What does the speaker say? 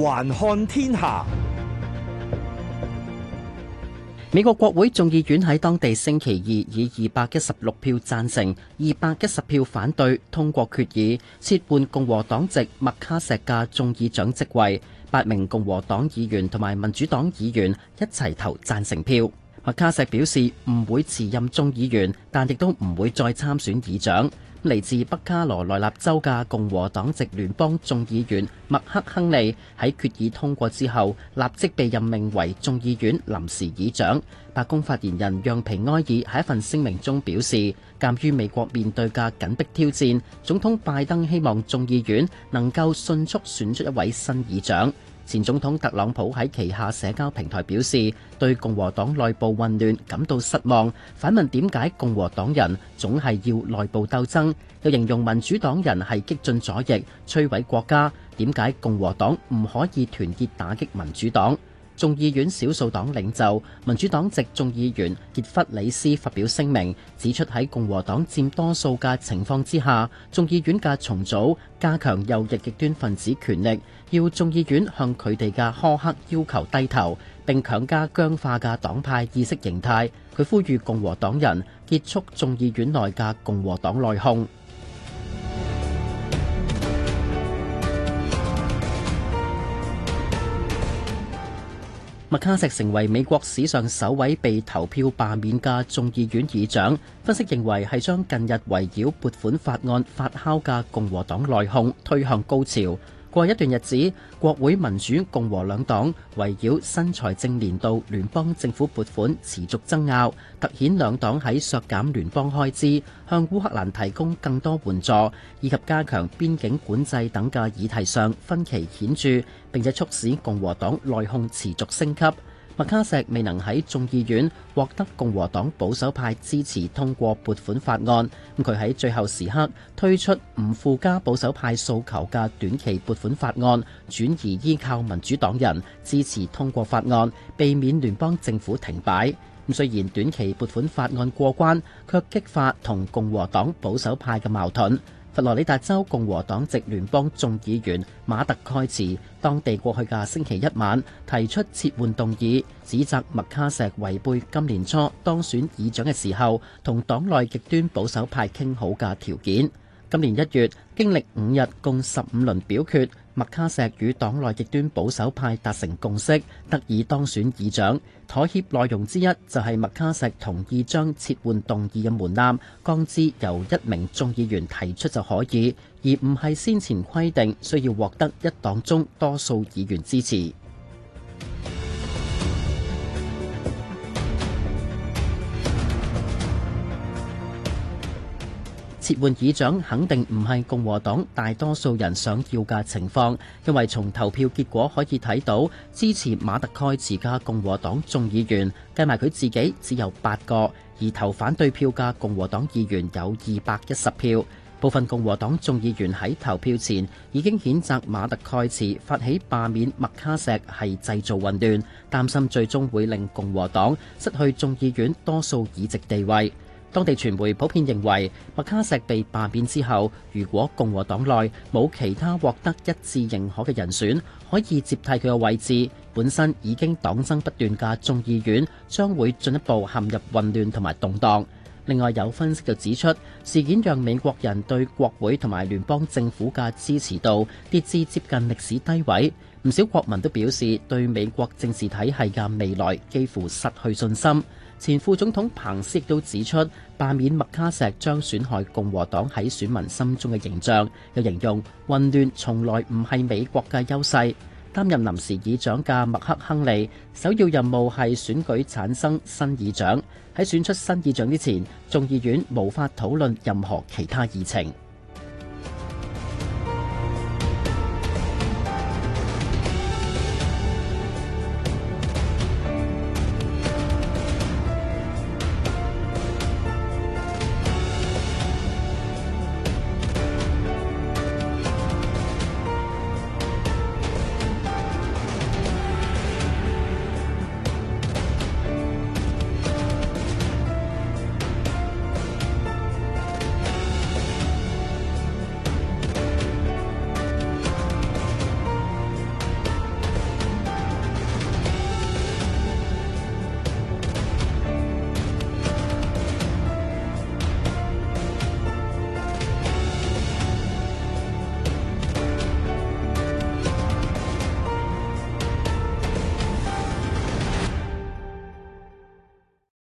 環看天下，美國國會眾議院喺當地星期二以二百一十六票贊成、二百一十票反對通過決議，撤換共和黨籍麥卡錫嘅眾議長職位。八名共和黨議員同埋民主黨議員一齊投贊成票。麥卡錫表示唔會辭任眾議員，但亦都唔會再參選議長。嚟自北卡羅來納州嘅共和黨籍聯邦眾議員麥克亨利喺決議通過之後，立即被任命為眾議院臨時議長。白宮發言人讓皮埃爾喺一份聲明中表示，鑒於美國面對嘅緊迫挑戰，總統拜登希望眾議院能夠迅速選出一位新議長。前總統特朗普喺旗下社交平台表示對共和黨內部混亂感到失望，反問點解共和黨人總係要內部鬥爭，又形容民主黨人係激進左翼摧毀國家，點解共和黨唔可以團結打擊民主黨。眾議院少數黨領袖、民主黨籍眾議員傑弗里斯發表聲明，指出喺共和黨佔多數嘅情況之下，眾議院嘅重組加強右翼極端分子權力，要眾議院向佢哋嘅苛刻要求低頭，並強加僵化嘅黨派意識形態。佢呼籲共和黨人結束眾議院內嘅共和黨內訌。麥卡錫成為美國史上首位被投票罷免嘅眾議院議長，分析認為係將近日圍繞撥款法案發酵嘅共和黨內鬨推向高潮。過一段日子，國會民主共和兩黨圍繞新財政年度聯邦政府撥款持續爭拗，突顯兩黨喺削減聯邦開支、向烏克蘭提供更多援助以及加強邊境管制等嘅議題上分歧顯著，並且促使共和黨內鬨持續升級。麥卡錫未能喺眾議院獲得共和黨保守派支持通過撥款法案，佢喺最後時刻推出唔附加保守派訴求嘅短期撥款法案，轉移依靠民主黨人支持通過法案，避免聯邦政府停擺。咁雖然短期撥款法案過關，卻激發同共和黨保守派嘅矛盾。佛羅里達州共和黨籍聯邦眾議員馬特蓋茨，當地過去嘅星期一晚提出撤換動議，指責麥卡錫違背今年初當選議長嘅時候同黨內極端保守派傾好嘅條件。今年一月，經歷五日共十五輪表決。麥卡錫與黨內極端保守派達成共識，得以當選議長。妥協內容之一就係麥卡錫同意將撤換動議嘅門檻，降至由一名眾議員提出就可以，而唔係先前規定需要獲得一黨中多數議員支持。撤換議長肯定唔係共和黨大多數人想要嘅情況，因為從投票結果可以睇到支持馬特蓋茨嘅共和黨眾議員，計埋佢自己只有八個，而投反對票嘅共和黨議員有二百一十票。部分共和黨眾議員喺投票前已經譴責馬特蓋茨發起罷免麥卡錫係製造混亂，擔心最終會令共和黨失去眾議院多數議席地位。當地傳媒普遍認為，麥卡錫被罷免之後，如果共和黨內冇其他獲得一致認可嘅人選可以接替佢嘅位置，本身已經黨爭不斷嘅眾議院將會進一步陷入混亂同埋動盪。另外，有分析就指出，事件讓美國人對國會同埋聯邦政府嘅支持度跌至接近歷史低位，不少國民都表示對美國政治體系嘅未來幾乎失去信心。前副總統彭斯亦都指出，罷免麥卡錫將損害共和黨喺選民心中嘅形象。又形容混亂從來唔係美國嘅優勢。擔任臨時議長嘅麥克亨利首要任務係選舉產生新議長。喺選出新議長之前，眾議院無法討論任何其他議程。